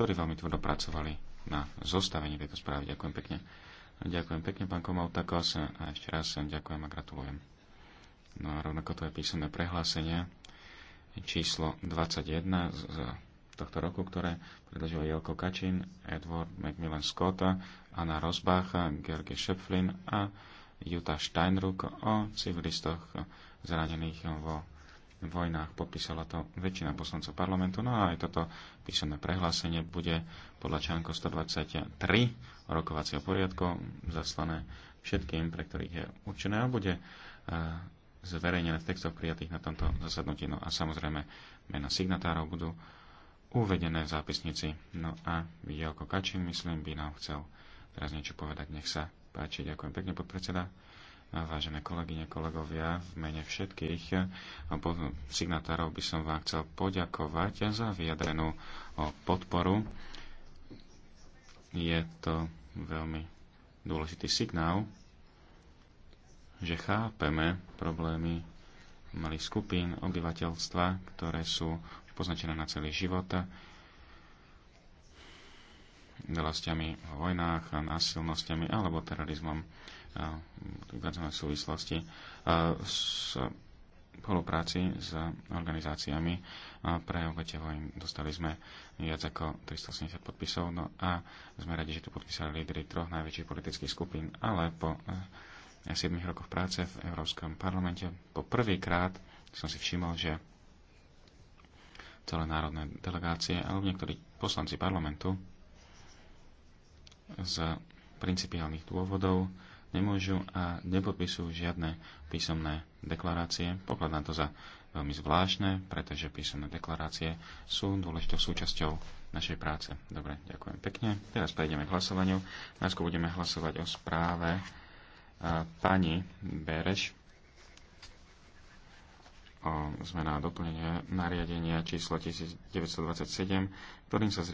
ktorí veľmi tvrdo pracovali na zostavení tejto správy. Ďakujem pekne. Ďakujem pekne, pán Komov Takos, a ešte raz ďakujem a gratulujem. No a rovnako to je písomné prehlásenie číslo 21 z tohto roku, ktoré predložil Jelko Kačin, Edward Macmillan Scott, Anna Rosbach, Gerge Schöpflin a Jutta Steinruck o civilistoch zranených vo vojnách. Podpísala to väčšina poslancov parlamentu. No a aj toto písomné prehlásenie bude podľa článku 123 rokovacieho poriadku zaslané všetkým, pre ktorých je určené a bude e, zverejnené v textoch prijatých na tomto zasadnutí. No a samozrejme mena signatárov budú uvedené v zápisnici. No a Jelko Kačin, myslím, by nám chcel teraz niečo povedať. Nech sa páči. Ďakujem pekne, podpredseda. Vážené kolegyne, kolegovia, v mene všetkých eh, signatárov by som vám chcel poďakovať za vyjadrenú podporu. Je to veľmi dôležitý signál, že chápeme problémy malých skupín obyvateľstva, ktoré sú poznačené na celý život udalosťami o vojnách a násilnosťami alebo terorizmom v súvislosti s spolupráci s organizáciami pre obete vojn. Dostali sme viac ako 380 podpisov, no a sme radi, že tu podpísali lídry troch najväčších politických skupín, ale po 7 e, rokoch práce v Európskom parlamente po prvýkrát som si všimol, že celé národné delegácie alebo niektorí poslanci parlamentu z principiálnych dôvodov nemôžu a nepodpisujú žiadne písomné deklarácie. Pokladám to za veľmi zvláštne, pretože písomné deklarácie sú dôležitou súčasťou našej práce. Dobre, ďakujem pekne. Teraz prejdeme k hlasovaniu. Najskôr budeme hlasovať o správe pani Bereš o zmena a doplnenie nariadenia číslo 1927, ktorým sa zriadí